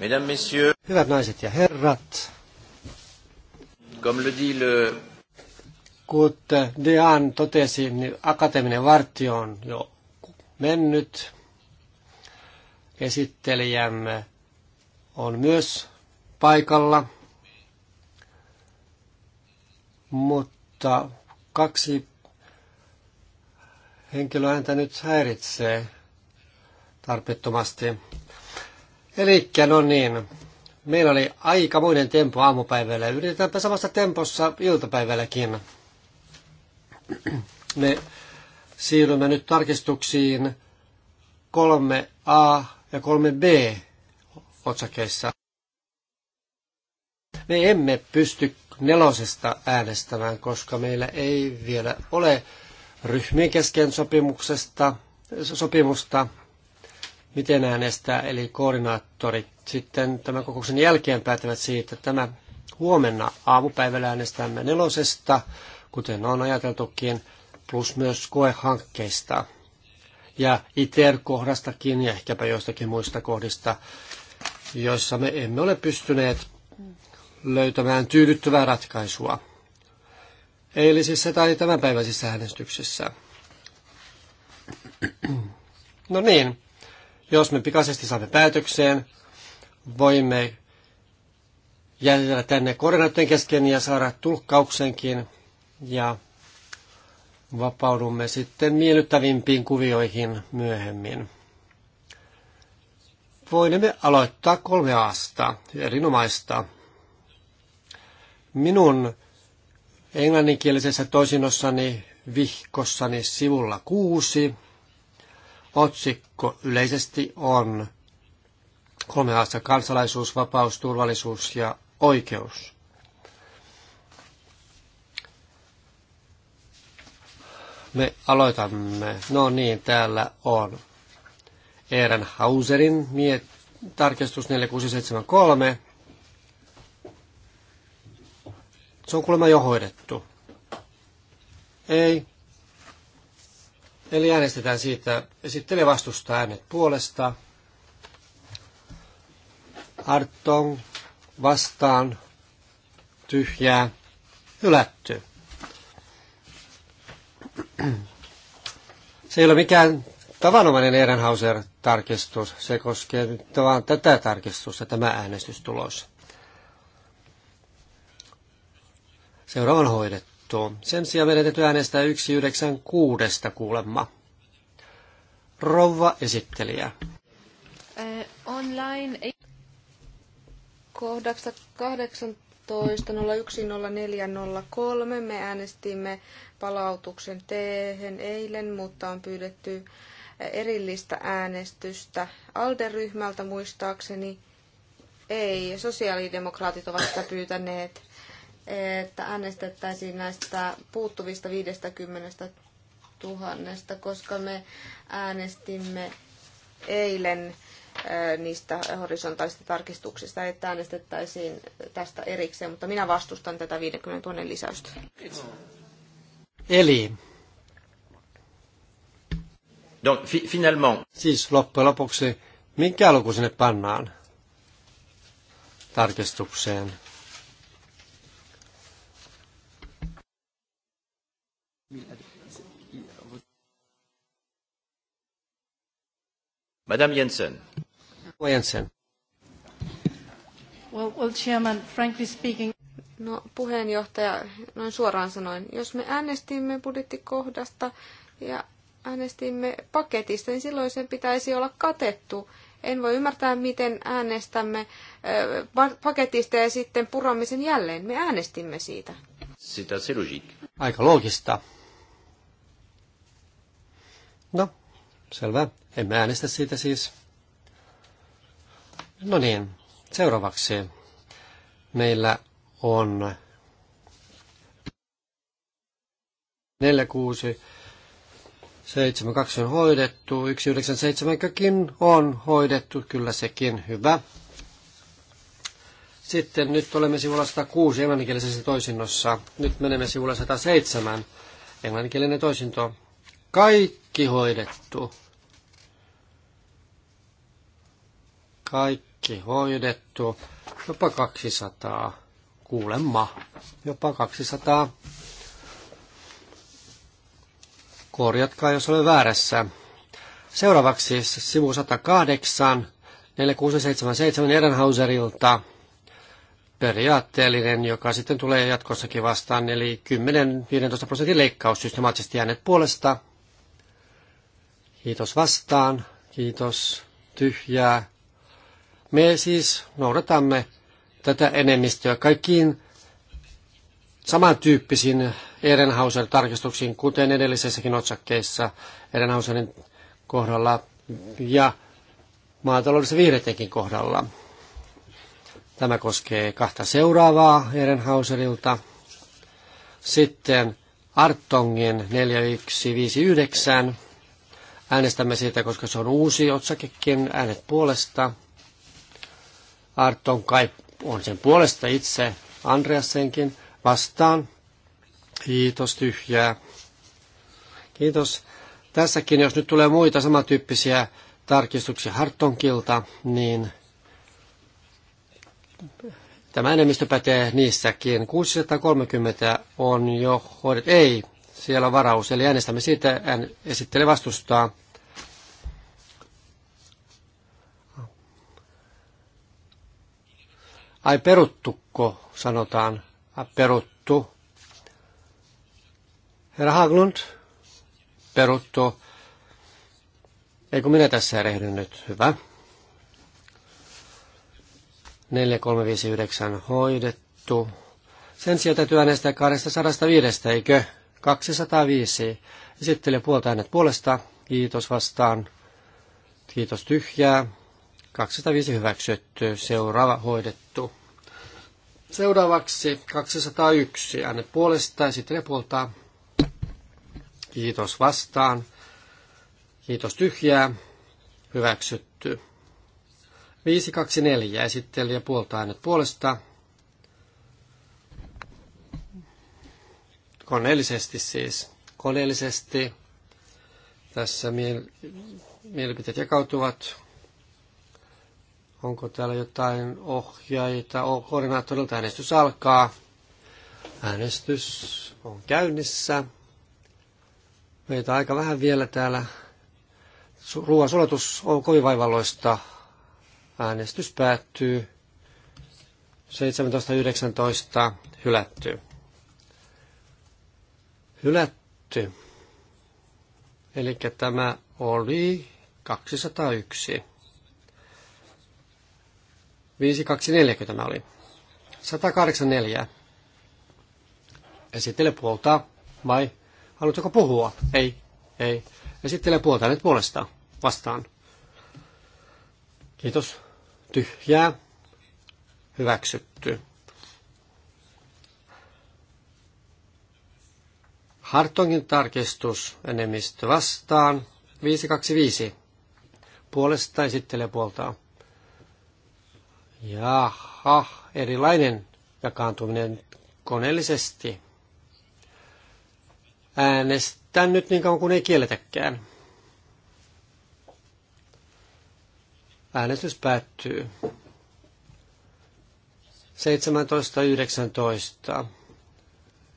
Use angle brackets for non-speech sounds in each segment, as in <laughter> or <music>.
Mesdames, messieurs. Hyvät naiset ja herrat. Comme le dit le... Kuten Dean totesi, niin akateeminen vartio on jo mennyt. Esittelijämme on myös paikalla, mutta kaksi henkilöä häntä nyt häiritsee tarpeettomasti. Eli no niin, meillä oli aikamoinen tempo aamupäivällä. Yritetäänpä samassa tempossa iltapäivälläkin. Me siirrymme nyt tarkistuksiin 3a ja 3b otsakeissa. Me emme pysty nelosesta äänestämään, koska meillä ei vielä ole ryhmien kesken sopimuksesta, sopimusta miten äänestää, eli koordinaattorit sitten tämän kokouksen jälkeen päättävät siitä. että Tämä huomenna aamupäivällä äänestämme nelosesta, kuten on ajateltukin, plus myös koehankkeista ja ITER-kohdastakin ja ehkäpä joistakin muista kohdista, joissa me emme ole pystyneet löytämään tyydyttävää ratkaisua eilisissä tai tämänpäiväisissä äänestyksissä. <clears throat> No niin, jos me pikaisesti saamme päätökseen, voimme jäljellä tänne koordinaattien kesken ja saada tulkkauksenkin ja vapaudumme sitten miellyttävimpiin kuvioihin myöhemmin. Voimme aloittaa kolme aasta, erinomaista. Minun englanninkielisessä toisinossani vihkossani sivulla kuusi – Otsikko yleisesti on kolme haasta kansalaisuus, vapaus, turvallisuus ja oikeus. Me aloitamme, no niin, täällä on Eeren Hauserin miet, tarkistus 4673. Se on kuulemma jo hoidettu. Ei, Eli äänestetään siitä esittelee vastustaa äänet puolesta. Arton vastaan tyhjää hylätty. Se ei ole mikään tavanomainen Ehrenhauser-tarkistus. Se koskee nyt vaan tätä tarkistusta, tämä äänestystulos. Seuraava on hoidettu poistuu. Sen sijaan meidän äänestää 196 kuulemma. Rouva esittelijä. Äh, online kohdaksa 18.01.04.03 me äänestimme palautuksen tehen eilen, mutta on pyydetty eh, erillistä äänestystä Alderyhmältä muistaakseni. Ei, sosiaalidemokraatit ovat sitä pyytäneet että äänestettäisiin näistä puuttuvista 50 000, koska me äänestimme eilen niistä horisontaalisista tarkistuksista, että äänestettäisiin tästä erikseen, mutta minä vastustan tätä 50 000 lisäystä. Eli Donc, fi- finalement. Siis loppujen lopuksi, minkä luku sinne pannaan tarkistukseen? Madame Jensen. Jensen. Well, well, chairman, frankly speaking... No, puheenjohtaja, noin suoraan sanoin, jos me äänestimme budjettikohdasta ja äänestimme paketista, niin silloin sen pitäisi olla katettu. En voi ymmärtää, miten äänestämme paketista ja sitten puramisen jälleen. Me äänestimme siitä. Sitä se logiikka. Aika loogista. No, Selvä. mä äänestä siitä siis. No niin, seuraavaksi meillä on 46 72 on hoidettu, 197kin on hoidettu, kyllä sekin hyvä. Sitten nyt olemme sivulla 106 englanninkielisessä toisinnossa. Nyt menemme sivulla 107 englanninkielinen toisinto. Kaikki hoidettu. kaikki hoidettu, jopa 200, kuulemma, jopa 200. Korjatkaa, jos olen väärässä. Seuraavaksi sivu 108, 4677 Ehrenhauserilta periaatteellinen, joka sitten tulee jatkossakin vastaan, eli 10-15 prosentin leikkaus systemaattisesti jääneet puolesta. Kiitos vastaan, kiitos tyhjää, me siis noudatamme tätä enemmistöä kaikkiin samantyyppisiin Ehrenhauser-tarkistuksiin, kuten edellisessäkin otsakkeessa Ehrenhauserin kohdalla ja maataloudessa vihreidenkin kohdalla. Tämä koskee kahta seuraavaa Ehrenhauserilta. Sitten Artongin 4159. Äänestämme siitä, koska se on uusi otsakekin. Äänet puolesta Arton kai on sen puolesta itse, Andreasenkin vastaan. Kiitos tyhjää. Kiitos. Tässäkin, jos nyt tulee muita samantyyppisiä tarkistuksia Hartonkilta, niin tämä enemmistö pätee niissäkin. 630 on jo hoidettu. Ei, siellä on varaus, eli äänestämme siitä, hän esittelee vastustaa Ai peruttukko, sanotaan. A, peruttu. Herra Haglund, peruttu. Eikö minä tässä erehdy nyt? Hyvä. 4359 hoidettu. Sen sijaan täytyy äänestää 205, eikö? 205. Esittelijä puolta äänet puolesta. Kiitos vastaan. Kiitos tyhjää. 205 hyväksytty, seuraava hoidettu. Seuraavaksi 201, äänne puolesta, sitten lepulta. Kiitos vastaan. Kiitos tyhjää. Hyväksytty. 524 ja puolta äänet puolesta. Koneellisesti siis. Koneellisesti. Tässä miel- mielipiteet jakautuvat. Onko täällä jotain ohjaajia? Oh, koordinaattorilta äänestys alkaa. Äänestys on käynnissä. Meitä aika vähän vielä täällä. Ruoan sulatus on kovin vaivalloista. Äänestys päättyy. 17.19. Hylätty. Hylätty. Eli tämä oli 201. 5240 tämä oli. 184. Esittele puolta vai Haluatko puhua? Ei, ei. Esittele puolta nyt puolestaan vastaan. Kiitos. Tyhjää. Hyväksytty. Hartongin tarkistus enemmistö vastaan 525. Puolesta esittelee puoltaan Jaha, erilainen jakaantuminen koneellisesti. Äänestän nyt niin kauan kuin ei kielletäkään. Äänestys päättyy. 17.19.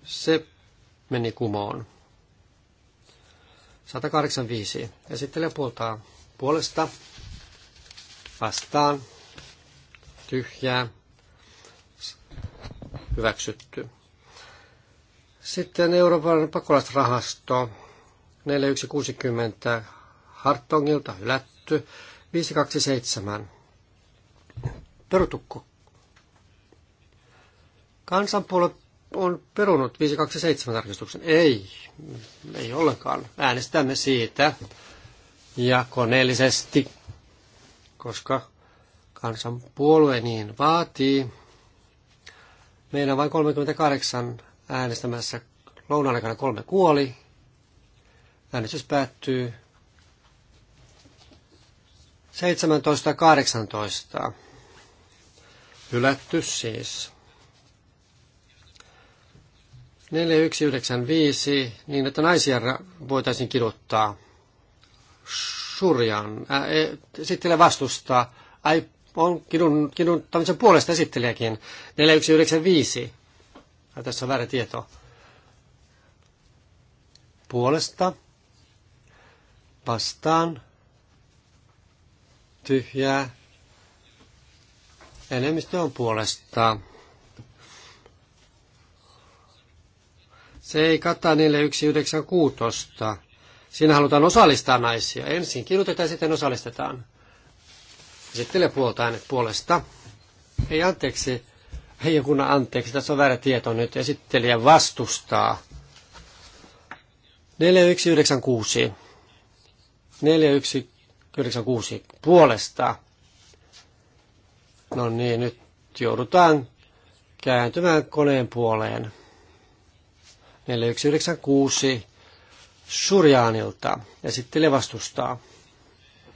Se meni kumoon. 185. Esittelijä puoltaa puolesta vastaan tyhjää hyväksytty. Sitten Euroopan pakolaisrahasto 4160 Hartongilta hylätty 527 perutukko. Kansanpuolue on perunut 527 tarkistuksen. Ei, ei ollenkaan. Äänestämme siitä jakoneellisesti, koska kansanpuolue niin vaatii. Meillä on vain 38 äänestämässä. Lounan aikana kolme kuoli. Äänestys päättyy 17.18. Hylätty siis. 4195, niin että naisia voitaisiin kiduttaa surjan. E, sitten vastustaa. Ai, on kidun, kidun tämmöisen puolesta esittelijäkin. 4195. tässä on väärä tieto. Puolesta. Vastaan. Tyhjää. Enemmistö on puolesta. Se ei kata 4196. Siinä halutaan osallistaa naisia. Ensin kirjoitetaan, sitten osallistetaan. Esittelee puolta äänet puolesta. Ei anteeksi, ei kun anteeksi, tässä on väärä tieto nyt. Esittelijä vastustaa. 4196. 4196 puolesta. No niin, nyt joudutaan kääntymään koneen puoleen. 4196 Surjaanilta. Esittelijä vastustaa.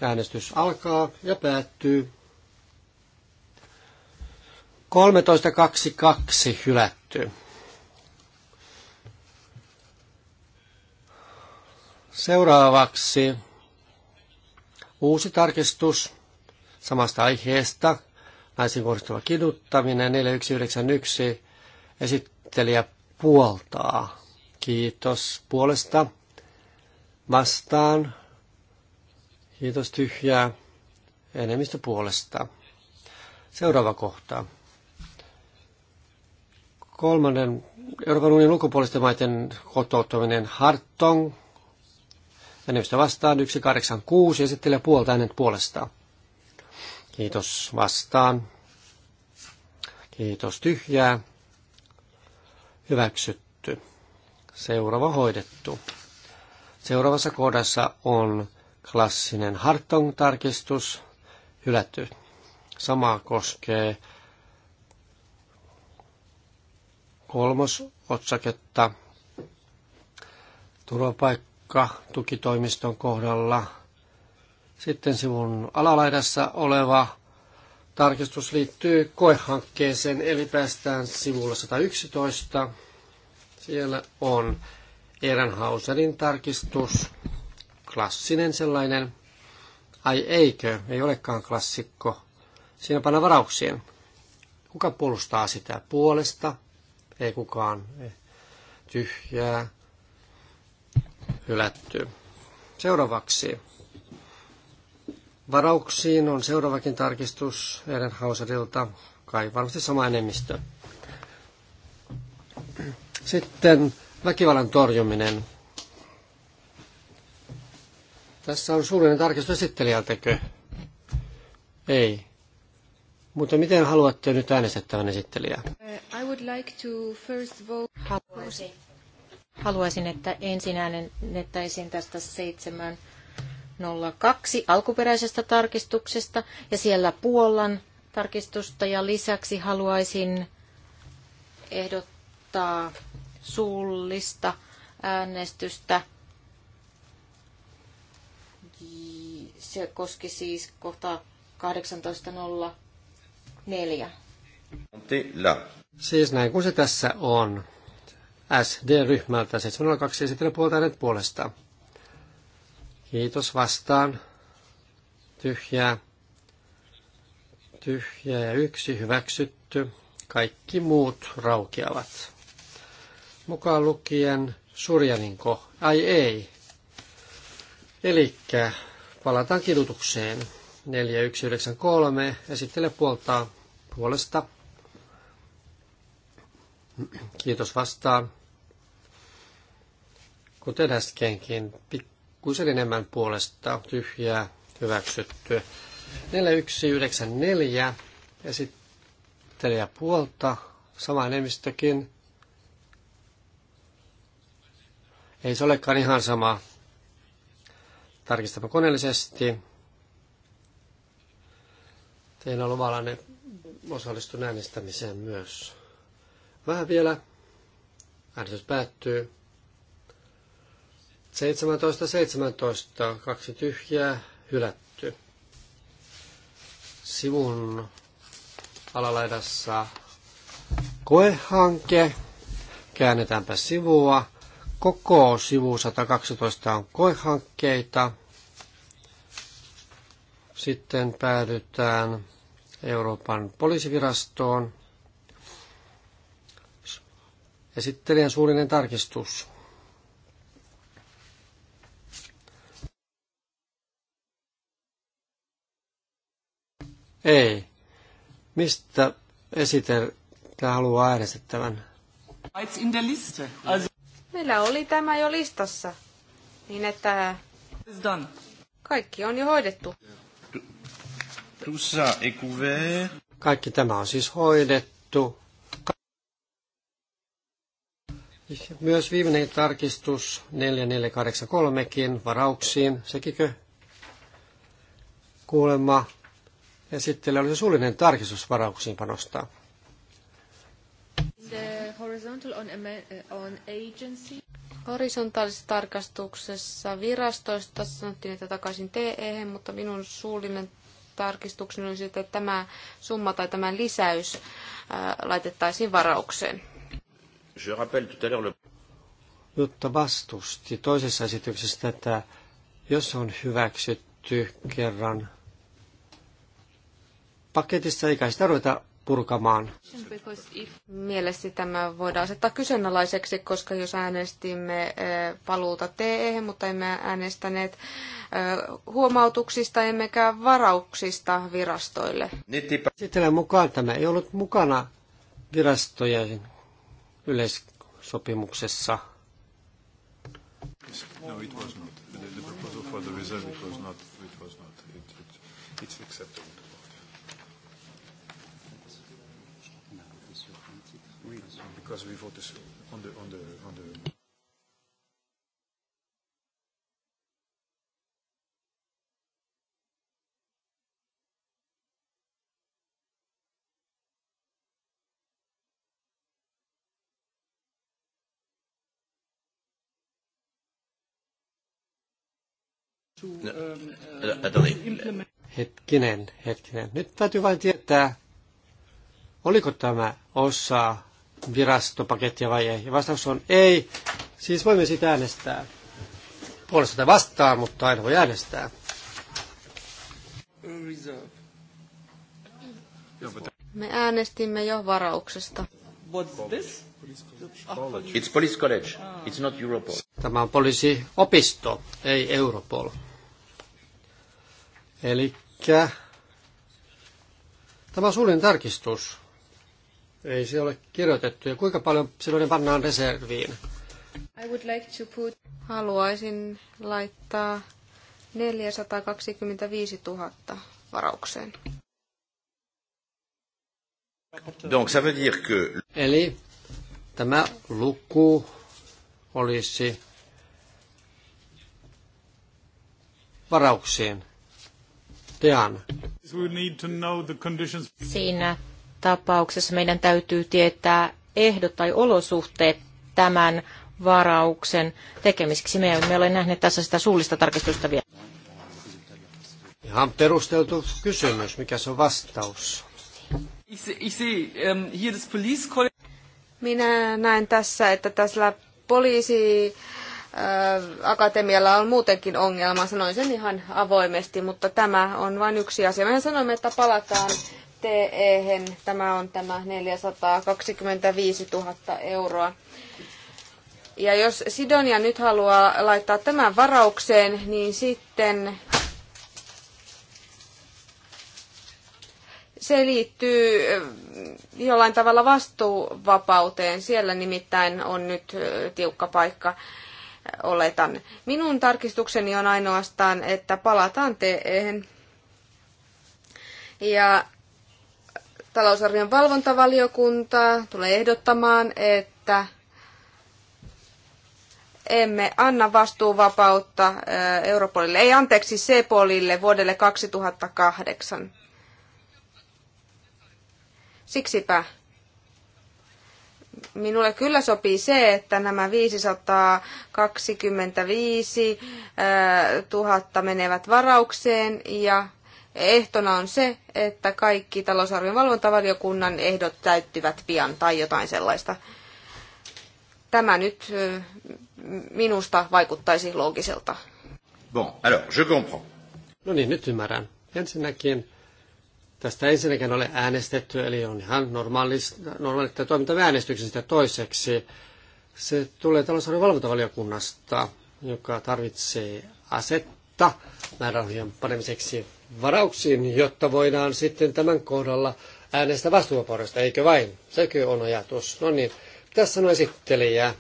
Äänestys alkaa ja päättyy. 13.22 hylätty. Seuraavaksi uusi tarkistus samasta aiheesta, naisiin kohdistuva kiduttaminen 4191, esittelijä puoltaa. Kiitos puolesta. Vastaan Kiitos tyhjää. Enemmistö puolesta. Seuraava kohta. Kolmannen Euroopan unionin ulkopuolisten maiden kotouttaminen Hartong. Enemmistö vastaan 186 esittelee puolta hänen puolestaan. Kiitos vastaan. Kiitos tyhjää. Hyväksytty. Seuraava hoidettu. Seuraavassa kohdassa on Klassinen Hartong-tarkistus hylätty. Sama koskee kolmosotsaketta turvapaikka tukitoimiston kohdalla. Sitten sivun alalaidassa oleva tarkistus liittyy koehankkeeseen, eli päästään sivulla 111. Siellä on Ehrenhauserin tarkistus klassinen sellainen. Ai eikö, ei olekaan klassikko. Siinä panna varauksien. Kuka puolustaa sitä puolesta? Ei kukaan. Tyhjää. Hylätty. Seuraavaksi. Varauksiin on seuraavakin tarkistus Ehrenhauserilta, kai varmasti sama enemmistö. Sitten väkivallan torjuminen. Tässä on suurin tarkistus esittelijältäkö? Ei. Mutta miten haluatte nyt äänestettävän esittelijää? Uh, I would like to first vote... Haluaisin, haluaisin että ensin äänennettäisiin tästä 702 alkuperäisestä tarkistuksesta ja siellä Puolan tarkistusta ja lisäksi haluaisin ehdottaa suullista äänestystä Se koski siis kohtaa 18.04. Siis näin kuin se tässä on. SD-ryhmältä 702 esitellä puolta hänet puolesta. Kiitos vastaan. Tyhjää. Tyhjää ja yksi hyväksytty. Kaikki muut raukeavat. Mukaan lukien Surjaninko. Ai ei. Elikkä Palataan kidutukseen. 4193 esittele puoltaa puolesta. Kiitos vastaan. Kuten äskenkin, pikkuisen enemmän puolesta tyhjää hyväksytty. 4194 esittelijä puolta, sama enemmistökin. Ei se olekaan ihan sama tarkistapa koneellisesti. Teillä luvallanne osallistun äänestämiseen myös. Vähän vielä. Äänestys päättyy. 17, 17, kaksi tyhjää, hylätty. Sivun alalaidassa koehanke. Käännetäänpä sivua. Koko sivu 112 on koehankkeita. Sitten päädytään Euroopan poliisivirastoon. Esittelijän suullinen tarkistus. Ei. Mistä esitellä haluaa äänestettävän? In der Liste. Also... Meillä oli tämä jo listassa, niin että kaikki on jo hoidettu. Yeah. Kaikki tämä on siis hoidettu. Myös viimeinen tarkistus 4483kin varauksiin, sekikö kuulemma esittely oli suullinen tarkistus varauksiin panostaa. Eh, Horisontaalisessa tarkastuksessa virastoista sanottiin, että takaisin TE, mutta minun suullinen tarkistuksen on että tämä summa tai tämä lisäys laitettaisiin varaukseen. Je rappelle tout à l'heure Jutta vastusti toisessa esityksessä tätä, jos on hyväksytty kerran paketissa, eikä sitä ruveta purkamaan. Mielestäni tämä voidaan asettaa kyseenalaiseksi, koska jos äänestimme eh, paluuta TE, mutta emme äänestäneet eh, huomautuksista emmekä varauksista virastoille. Sitten mukaan tämä ei ollut mukana virastojen yleissopimuksessa. No, it was not. The, the proposal for the reserve, it was not. It was not. It, it, it's acceptable. because we vote on the, on the, on the No, attendez. Um, uh, uh, hetkinen, hetkinen. Nyt täytyy vain tietää, oliko tämä osa virastopakettia vai ei? Ja vastaus on ei. Siis voimme sitä äänestää. Puolesta tai vastaan, mutta aina voi äänestää. Me äänestimme jo varauksesta. What's this? It's police college. It's not Europol. Tämä on poliisiopisto, ei Europol. Eli tämä on suullinen tarkistus. Ei se ole kirjoitettu. Ja kuinka paljon silloin pannaan reserviin? I would like to put... Haluaisin laittaa 425 000 varaukseen. Donc, ça veut dire que... Eli tämä luku olisi varauksiin. Dean. Siinä tapauksessa meidän täytyy tietää ehdot tai olosuhteet tämän varauksen tekemiseksi. Me emme ole nähneet tässä sitä suullista tarkistusta vielä. Ihan perusteltu kysymys. Mikä se on vastaus? Ähm, Minä näen tässä, että tässä poliisi äh, akatemialla on muutenkin ongelma, sanoin sen ihan avoimesti, mutta tämä on vain yksi asia. Mehän sanoimme, että palataan TE-hen. Tämä on tämä 425 000 euroa. Ja jos Sidonia nyt haluaa laittaa tämän varaukseen, niin sitten se liittyy eh, jollain tavalla vastuuvapauteen. Siellä nimittäin on nyt eh, tiukka paikka, eh, oletan. Minun tarkistukseni on ainoastaan, että palataan TE. E ja talousarvion valvontavaliokunta tulee ehdottamaan, että emme anna vastuuvapautta Europolille, ei anteeksi Sepolille vuodelle 2008. Siksipä minulle kyllä sopii se, että nämä 525 000 menevät varaukseen ja ehtona on se, että kaikki talousarvion valvontavaliokunnan ehdot täyttyvät pian tai jotain sellaista. Tämä nyt minusta vaikuttaisi loogiselta. Bon, alors, je comprends. No niin, nyt ymmärrän. Ensinnäkin tästä ensinnäkin ole äänestetty, eli on ihan normaalista toiminta äänestyksestä toiseksi. Se tulee talousarvion valvontavaliokunnasta, joka tarvitsee asetta määrärahojen panemiseksi varauksiin, jotta voidaan sitten tämän kohdalla äänestää vastuuvapaudesta, eikö vain? Sekö on ajatus. No niin, tässä on esittelijä.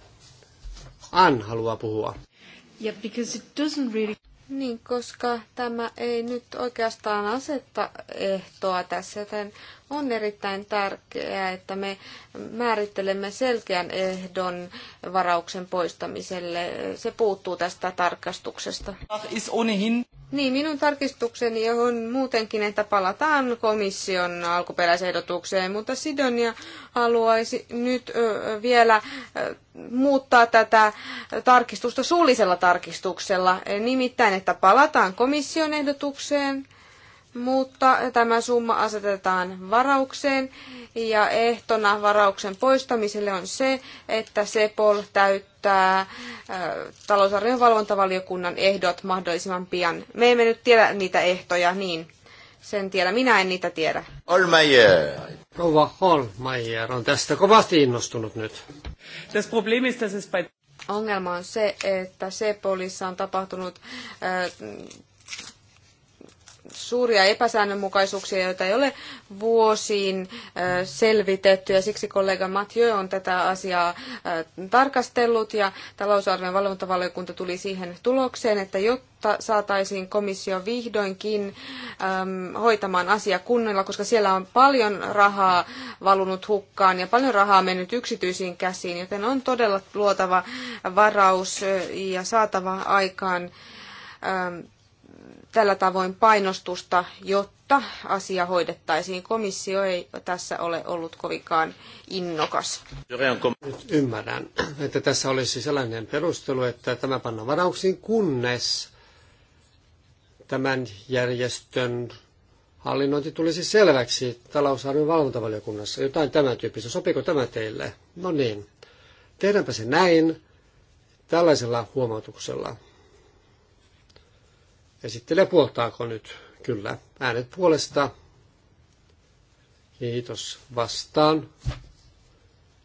Ann haluaa puhua. Yeah, because it doesn't really... Niin, koska tämä ei nyt oikeastaan asetta ehtoa tässä, joten on erittäin tärkeää, että me määrittelemme selkeän ehdon varauksen poistamiselle. Se puuttuu tästä tarkastuksesta. Niin, minun tarkistukseni on muutenkin, että palataan komission alkuperäisehdotukseen, mutta Sidonia haluaisi nyt vielä muuttaa tätä tarkistusta suullisella tarkistuksella, nimittäin, että palataan komission ehdotukseen mutta tämä summa asetetaan varaukseen ja ehtona varauksen poistamiselle on se, että Sepol täyttää talousarvion valvontavaliokunnan ehdot mahdollisimman pian. Me emme nyt tiedä niitä ehtoja, niin sen tiedä. Minä en niitä tiedä. Olmeier, Rouva Holmeier on tästä kovasti innostunut nyt. Das Problem ist, dass es bei... Ongelma on se, että Sepolissa on tapahtunut äh, suuria epäsäännönmukaisuuksia, joita ei ole vuosiin selvitetty, ja siksi kollega Mathieu on tätä asiaa tarkastellut, ja talousarvion valvontavaliokunta tuli siihen tulokseen, että jotta saataisiin komissio vihdoinkin hoitamaan asia kunnolla, koska siellä on paljon rahaa valunut hukkaan ja paljon rahaa mennyt yksityisiin käsiin, joten on todella luotava varaus ja saatava aikaan tällä tavoin painostusta, jotta asia hoidettaisiin. Komissio ei tässä ole ollut kovinkaan innokas. Nyt ymmärrän, että tässä olisi sellainen perustelu, että tämä panna varauksiin kunnes tämän järjestön hallinnointi tulisi selväksi talousarvion valvontavaliokunnassa. Jotain tämän tyyppistä. Sopiiko tämä teille? No niin. Tehdäänpä se näin tällaisella huomautuksella. Esittelee puoltaako nyt? Kyllä. Äänet puolesta. Kiitos vastaan.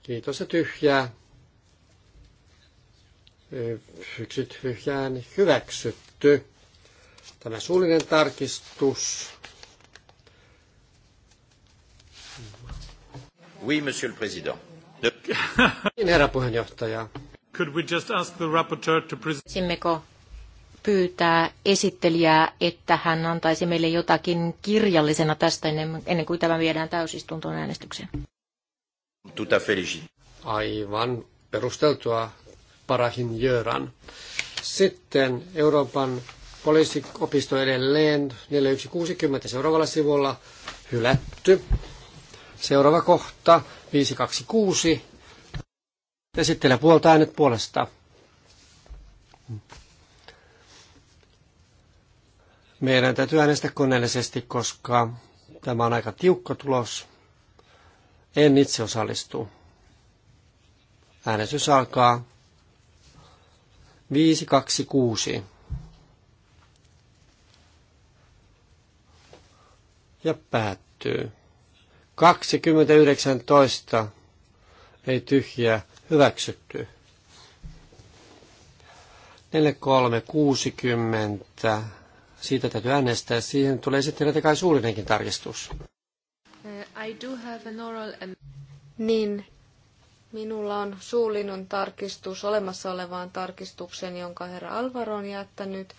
Kiitos ja tyhjää. Yksi tyhjään hyväksytty. Tämä suullinen tarkistus. Oui, monsieur le président. Niin, herra puheenjohtaja. Could we just ask the rapporteur to present... Simmeko? pyytää esittelijää, että hän antaisi meille jotakin kirjallisena tästä ennen, ennen kuin tämä viedään täysistuntoon äänestykseen. Aivan perusteltua parahin Jöran. Sitten Euroopan poliisiopisto edelleen 4160 seuraavalla sivulla hylätty. Seuraava kohta 526. Esittelen puolta äänet puolesta. Meidän täytyy äänestää koneellisesti, koska tämä on aika tiukka tulos. En itse osallistu. Äänestys alkaa 526. Ja päättyy. 2019 ei tyhjää hyväksytty. 4360 siitä täytyy äänestää. Siihen tulee sitten näitä kai suullinenkin tarkistus. Eh, I do have an oral... Niin, minulla on suullinen tarkistus olemassa olevaan tarkistukseen, jonka herra Alvaro on jättänyt.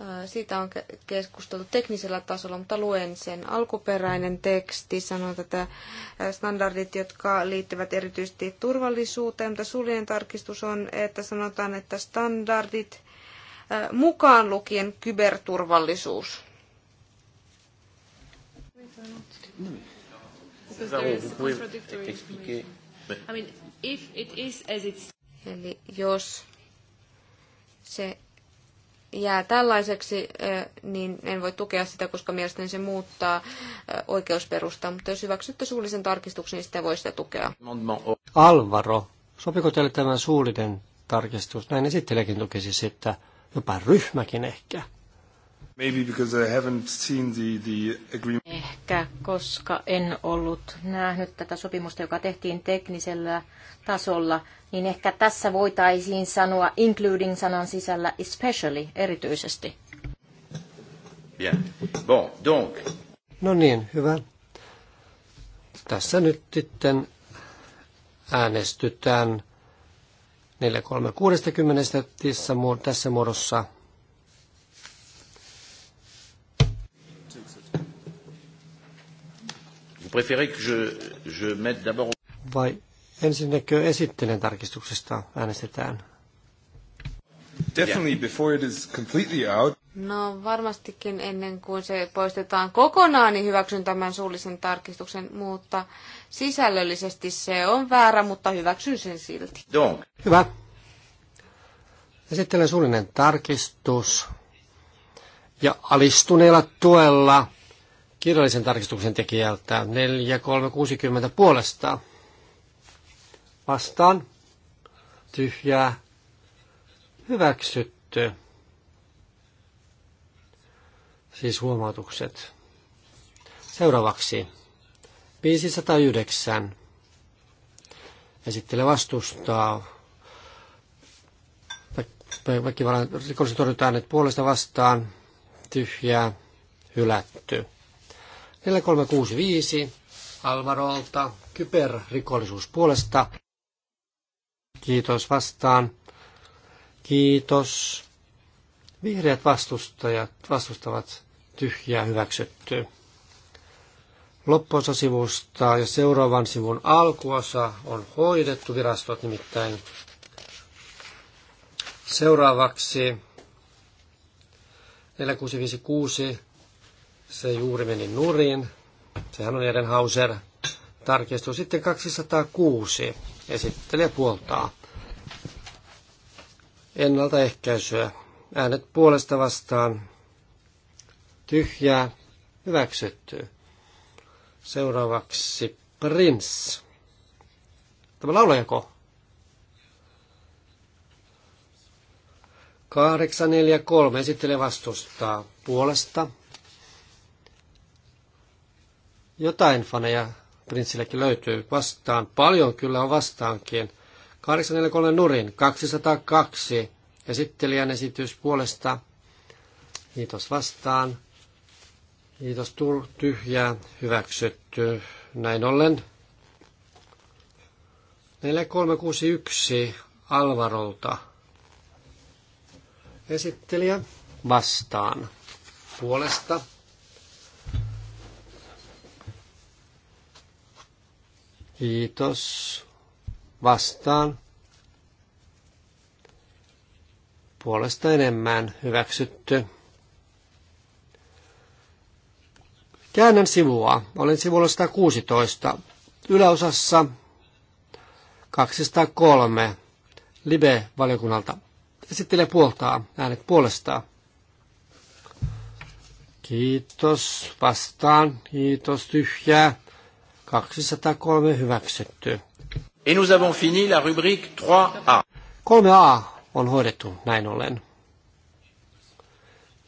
Eh, siitä on keskusteltu teknisellä tasolla, mutta luen sen. Alkuperäinen teksti sanoo tätä eh, standardit, jotka liittyvät erityisesti turvallisuuteen, mutta suljen tarkistus on, että sanotaan, että standardit mukaan lukien kyberturvallisuus. Eli jos se jää tällaiseksi, niin en voi tukea sitä, koska mielestäni se muuttaa oikeusperustaa. Mutta jos hyväksytte suullisen tarkistuksen, niin sitten voi sitä tukea. Alvaro, sopiko teille tämä suullinen tarkistus? Näin esitteleekin tukisi sitä jopa ryhmäkin ehkä. Maybe because I haven't seen the, the agreement. Ehkä koska en ollut nähnyt tätä sopimusta, joka tehtiin teknisellä tasolla, niin ehkä tässä voitaisiin sanoa including-sanan sisällä especially, erityisesti. Bien. Bon, donc. No niin, hyvä. Tässä nyt sitten äänestytään 4360 tässä muodossa. Vai ensinnäkö esittelen tarkistuksesta äänestetään? Definitely before it is completely out. No varmastikin ennen kuin se poistetaan kokonaan, niin hyväksyn tämän suullisen tarkistuksen, mutta Sisällöllisesti se on väärä, mutta hyväksyn sen silti. Donc. Hyvä. Esittelen suullinen tarkistus. Ja alistuneella tuella kirjallisen tarkistuksen tekijältä 4360 puolesta. Vastaan. Tyhjää. Hyväksytty. Siis huomautukset. Seuraavaksi 509. Esittele vastustaa. Väkivallan rikollisen torjutaan, että puolesta vastaan tyhjää hylätty. 4365 Alvarolta kyberrikollisuus puolesta. Kiitos vastaan. Kiitos. Vihreät vastustajat vastustavat tyhjää hyväksytty loppuosa sivusta ja seuraavan sivun alkuosa on hoidettu virastot nimittäin. Seuraavaksi 4656, se juuri meni nurin. Sehän on Hauser. tarkistus. Sitten 206 esittelee puoltaa ennaltaehkäisyä. Äänet puolesta vastaan tyhjää hyväksytty. Seuraavaksi Prince. Tämä laulajako? 843 esittelee vastustaa puolesta. Jotain faneja Prinssillekin löytyy vastaan. Paljon kyllä on vastaankin. 843 nurin, 202 esittelijän esitys puolesta. Kiitos vastaan. Kiitos tyhjää hyväksytty. Näin ollen 4361 Alvarolta. Esittelijä vastaan puolesta. Kiitos. Vastaan. Puolesta enemmän hyväksytty. Käännän sivua. Olen sivulla 116. Yläosassa 203. Libe-valiokunnalta. Esittelee puoltaa. Äänet puolestaan. Kiitos. Vastaan. Kiitos. Tyhjää. 203 hyväksytty. Et nous avons fini la rubrique 3A. 3A on hoidettu näin ollen.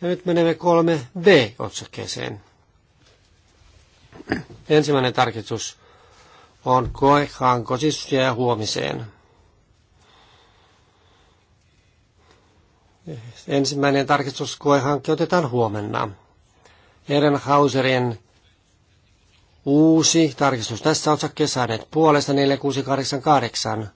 Ja nyt menemme 3B-otsakkeeseen. Ensimmäinen tarkistus on koe siis ja huomiseen. Ensimmäinen tarkistus koehanke otetaan huomenna. Ehrenhauserin uusi tarkistus tässä otsakkeessa kesänet puolesta 4688.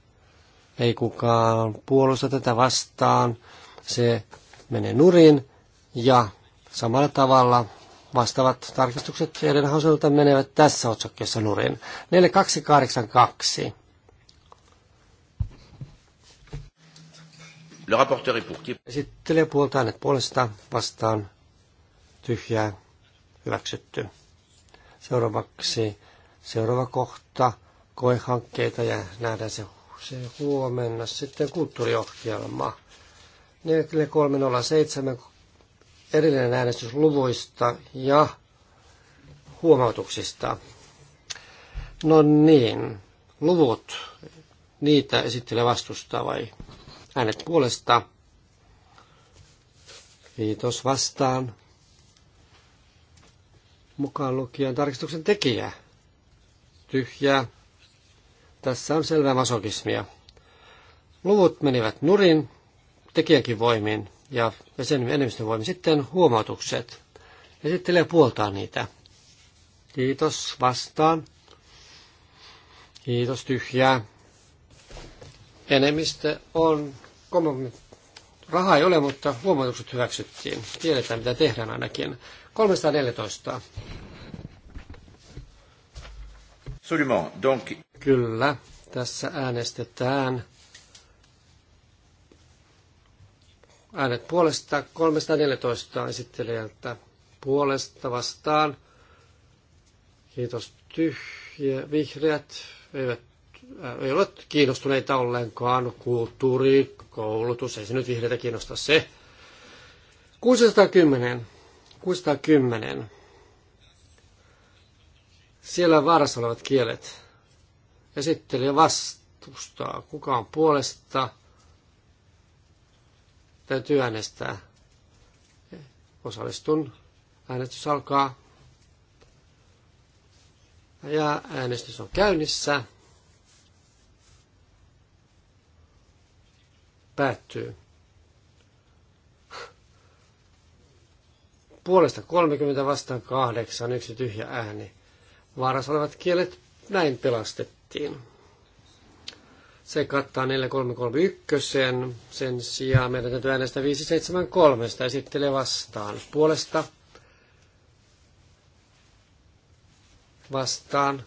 Ei kukaan puolusta tätä vastaan. Se menee nurin ja samalla tavalla Vastaavat tarkistukset Edenhauselta menevät tässä otsakkeessa nurin. 4282. Le rapporteur est pour qui? Esittelee puolta äänet puolesta vastaan tyhjää hyväksytty. Seuraavaksi seuraava kohta koehankkeita ja nähdään se, se huomenna. Sitten kulttuuriohjelma. 4307 erillinen äänestys luvuista ja huomautuksista. No niin, luvut, niitä esittelee vastusta vai äänet puolesta? Kiitos vastaan. Mukaan lukijan tarkistuksen tekijä. Tyhjää. Tässä on selvää masokismia. Luvut menivät nurin, tekijänkin voimin ja sen enemmistön voimin. Sitten huomautukset. Esittelee puoltaan niitä. Kiitos vastaan. Kiitos tyhjää. Enemmistö on Rahaa ei ole, mutta huomautukset hyväksyttiin. Tiedetään, mitä tehdään ainakin. 314. Absolument. Donc... Kyllä, tässä äänestetään Äänet puolesta 314 esittelijältä puolesta vastaan. Kiitos tyhjä. Vihreät eivät äh, ei ole kiinnostuneita ollenkaan. Kulttuuri, koulutus, ei se nyt vihreitä kiinnosta se. 610. 610. Siellä vaarassa olevat kielet. Esittelijä vastustaa. Kuka on puolesta? Täytyy äänestää. Osallistun. Äänestys alkaa. Ja äänestys on käynnissä. Päättyy. Puolesta 30 vastaan 8, yksi tyhjä ääni. Vaarassa olevat kielet näin pelastettiin. Se kattaa 4331. Sen sijaan meidän täytyy äänestää 573. Esittelee vastaan. Puolesta vastaan.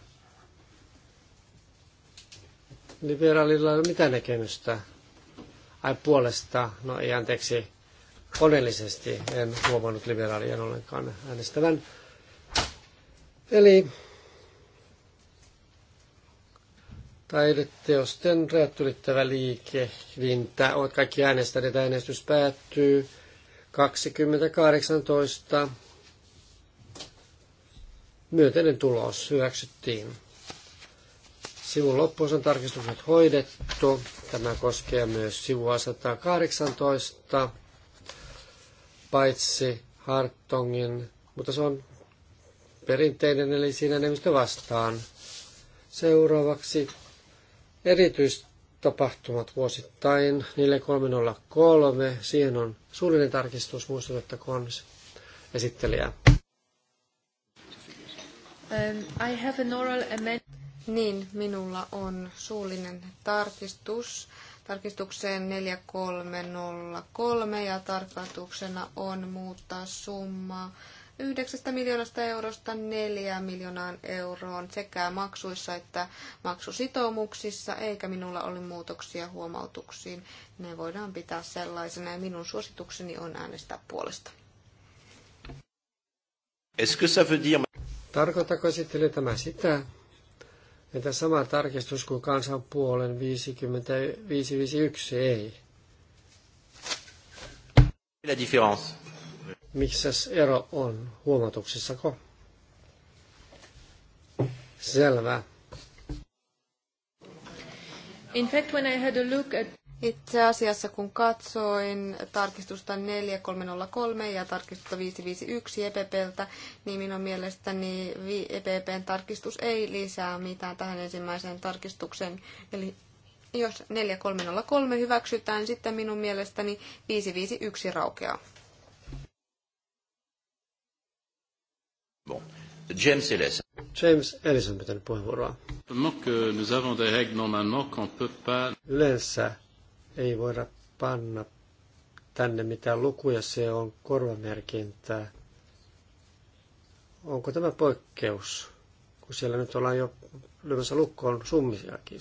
Liberaalilla ei ole mitään näkemystä. Ai puolesta, no ei anteeksi, onnellisesti en huomannut liberaalien ollenkaan äänestävän. Eli taideteosten rajat ylittävä liikehdintä. Olet kaikki äänestäneet. Äänestys päättyy 2018. Myönteinen tulos hyväksyttiin. Sivun loppuosan tarkistukset hoidettu. Tämä koskee myös sivua 118, paitsi Hartongin, mutta se on perinteinen, eli siinä enemmistö vastaan. Seuraavaksi erityistapahtumat vuosittain 4303. Siihen on suullinen tarkistus, muistutettakoon esittelijää. Um, I have an oral amendment. Niin, minulla on suullinen tarkistus tarkistukseen 4303 ja tarkoituksena on muuttaa summa 9 miljoonasta eurosta 4 miljoonaan euroon sekä maksuissa että maksusitoumuksissa, eikä minulla ole muutoksia huomautuksiin. Ne voidaan pitää sellaisena ja minun suositukseni on äänestää puolesta. Tarkoittako esittely tämä sitä, että sama tarkistus kuin kansanpuolen 5551 ei? La différence. Missä ero on Huomatuksissako? Selvä. In fact, when I had a look at... Itse asiassa kun katsoin tarkistusta 4303 ja tarkistusta 551 EPPltä, niin minun mielestäni EPPn tarkistus ei lisää mitään tähän ensimmäiseen tarkistukseen. Eli jos 4303 hyväksytään, sitten minun mielestäni 551 raukeaa. Bon. James Ellis. James Ellis on pitänyt puheenvuoroa. Yleensä ei voida panna tänne mitään lukuja, se on korvamerkintää. Onko tämä poikkeus, kun siellä nyt ollaan jo lyömässä lukkoon summisiakin?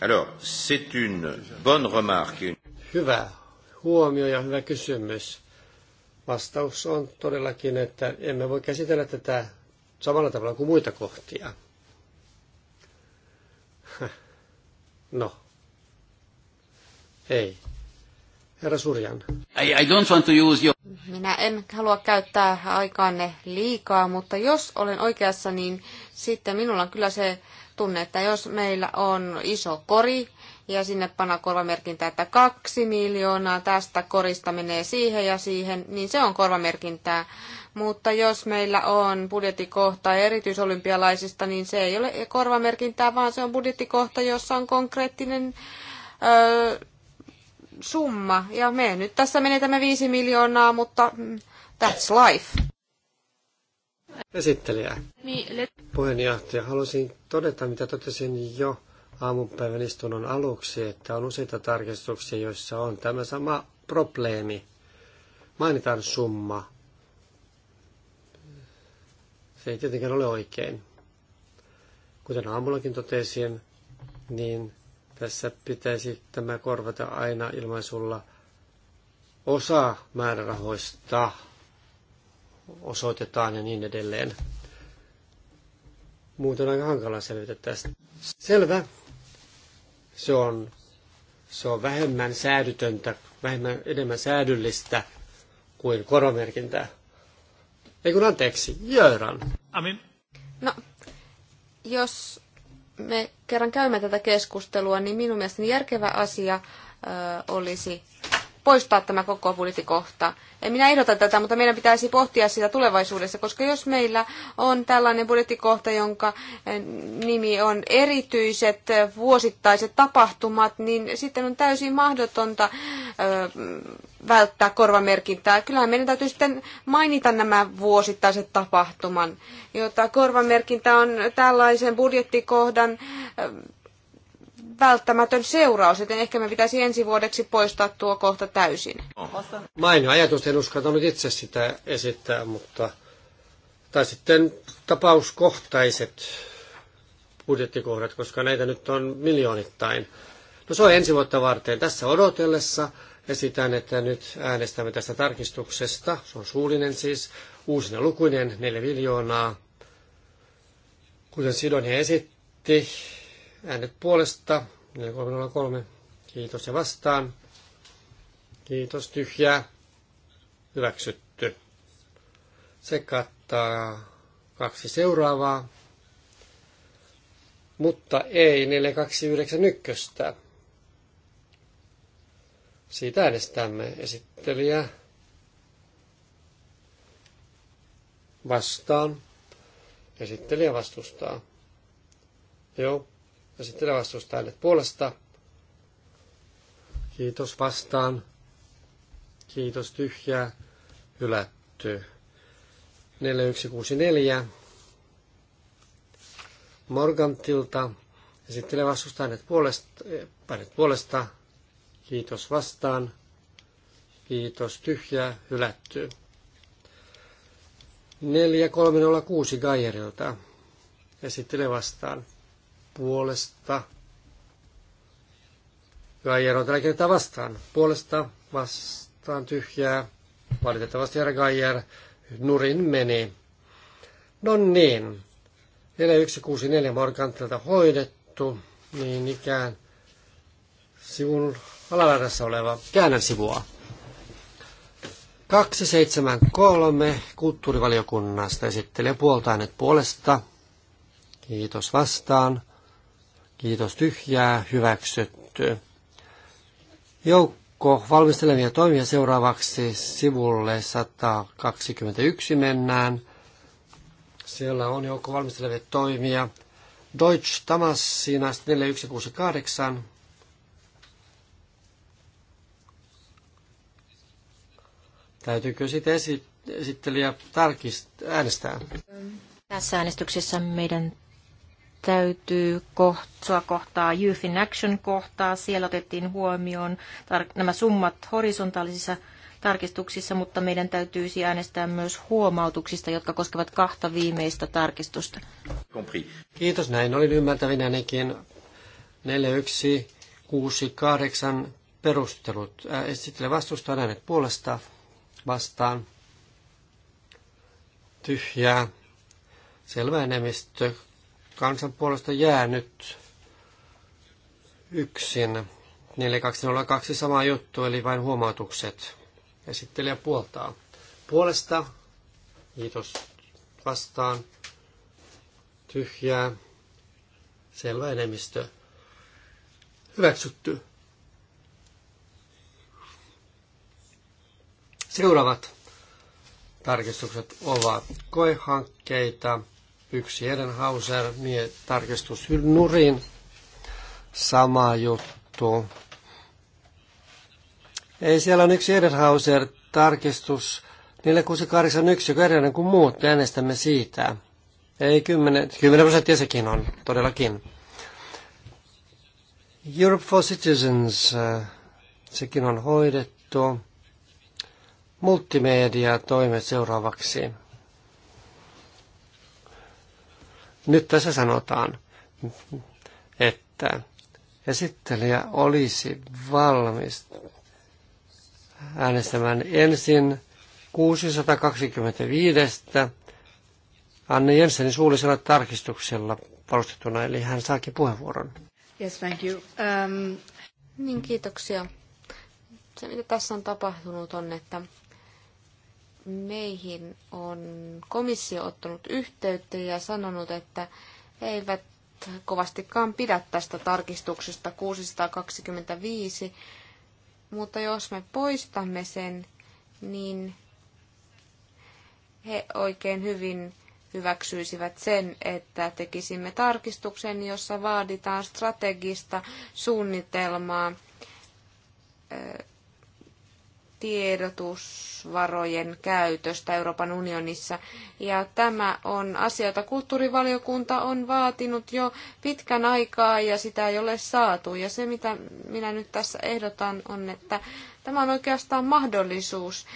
Alors, c'est une bonne remarque. Hyvä huomio ja hyvä kysymys. Vastaus on todellakin, että emme voi käsitellä tätä samalla tavalla kuin muita kohtia. <laughs> No, ei. Herra Surjan. I, I don't want to use your... Minä en halua käyttää aikaanne liikaa, mutta jos olen oikeassa, niin sitten minulla on kyllä se tunne, että jos meillä on iso kori ja sinne panna korvamerkintä, että kaksi miljoonaa tästä korista menee siihen ja siihen, niin se on korvamerkintää. Mutta jos meillä on budjettikohta erityisolympialaisista, niin se ei ole korvamerkintää, vaan se on budjettikohta, jossa on konkreettinen öö, summa. Ja me nyt tässä menetämme viisi miljoonaa, mutta mm, that's life. Esittelijä. Niin, Puheenjohtaja, halusin todeta, mitä totesin jo aamupäivän istunnon aluksi, että on useita tarkistuksia, joissa on tämä sama probleemi. Mainitaan summa. Se ei tietenkään ole oikein. Kuten aamullakin totesin, niin tässä pitäisi tämä korvata aina ilmaisulla osa määrärahoista osoitetaan ja niin edelleen. Muuten aika hankala selvitä tästä. Selvä. Se on, se on vähemmän säädytöntä, vähemmän, enemmän säädyllistä kuin koromerkintää. Ei kun anteeksi, Jöran. Amin. No, jos me kerran käymme tätä keskustelua, niin minun mielestäni järkevä asia olisi poistaa tämä koko budjettikohta. En minä ehdota tätä, mutta meidän pitäisi pohtia sitä tulevaisuudessa, koska jos meillä on tällainen budjettikohta, jonka nimi on erityiset vuosittaiset tapahtumat, niin sitten on täysin mahdotonta välttää korvamerkintää. Kyllähän meidän täytyy sitten mainita nämä vuosittaiset tapahtuman, jota korvamerkintä on tällaisen budjettikohdan välttämätön seuraus, joten ehkä me pitäisi ensi vuodeksi poistaa tuo kohta täysin. Mainio ajatus, en uskaltanut itse sitä esittää, mutta tai sitten tapauskohtaiset budjettikohdat, koska näitä nyt on miljoonittain. No se on ensi vuotta varten. Tässä odotellessa esitän, että nyt äänestämme tästä tarkistuksesta. Se on suullinen siis, uusina lukuinen, 4 miljoonaa. Kuten Sidonia esitti, äänet puolesta, 4303. Kiitos ja vastaan. Kiitos, tyhjää. Hyväksytty. Se kattaa kaksi seuraavaa, mutta ei 4291. Siitä äänestämme esittelijä vastaan. Esittelijä vastustaa. Joo, esittelijä vastustaa äänet puolesta. Kiitos vastaan. Kiitos tyhjää. Hylätty. 4164. Morgantilta. Esittelijä vastustaa äänet puolesta. Äänet puolesta Kiitos vastaan. Kiitos tyhjää hylätty. 4306 Gaijerilta. esittelee vastaan. Puolesta. Gaijer on tällä vastaan. Puolesta vastaan tyhjää. Valitettavasti herra Gaijer nurin meni. No niin. 4164 Morgantilta hoidettu. Niin ikään sivun alavärässä oleva. Käännän sivua. 273 kulttuurivaliokunnasta esittelee puolta puolesta. Kiitos vastaan. Kiitos tyhjää. Hyväksytty. Joukko valmistelemia toimia seuraavaksi sivulle 121 mennään. Siellä on joukko valmistelevia toimia. Deutsch Tamassina 4168 Täytyykö sitä esittelijä tarkistaa äänestää? Tässä äänestyksessä meidän täytyy kohtaa, kohtaa Youth in Action kohtaa. Siellä otettiin huomioon nämä summat horisontaalisissa tarkistuksissa, mutta meidän täytyisi äänestää myös huomautuksista, jotka koskevat kahta viimeistä tarkistusta. Kiitos, näin olin ymmärtävinä nekin 8 perustelut. Esittele vastustaa äänet puolestaan vastaan tyhjää. Selvä enemmistö kansan puolesta jää nyt yksin. 4202 sama juttu, eli vain huomautukset. Esittelijä puoltaa. Puolesta, kiitos vastaan, tyhjää, selvä enemmistö. Hyväksytty. Seuraavat tarkistukset ovat koehankkeita, yksi Edenhauser, mie tarkistus nurin, sama juttu. Ei siellä on yksi Edenhauser tarkistus 4681, joka erilainen kuin muut, äänestämme siitä. Ei 10, 10 prosenttia sekin on, todellakin. Europe for Citizens, äh, sekin on hoidettu multimedia toimet seuraavaksi. Nyt tässä sanotaan, että esittelijä olisi valmis äänestämään ensin 625. Anne Jensenin suullisella tarkistuksella palustettuna, eli hän saakin puheenvuoron. Yes, thank you. Um... Niin, kiitoksia. Se, mitä tässä on tapahtunut, on, että meihin on komissio ottanut yhteyttä ja sanonut, että he eivät kovastikaan pidä tästä tarkistuksesta 625, mutta jos me poistamme sen, niin he oikein hyvin hyväksyisivät sen, että tekisimme tarkistuksen, jossa vaaditaan strategista suunnitelmaa tiedotusvarojen käytöstä Euroopan unionissa. Ja tämä on asia, jota kulttuurivaliokunta on vaatinut jo pitkän aikaa ja sitä ei ole saatu. Ja se, mitä minä nyt tässä ehdotan, on, että tämä on oikeastaan mahdollisuus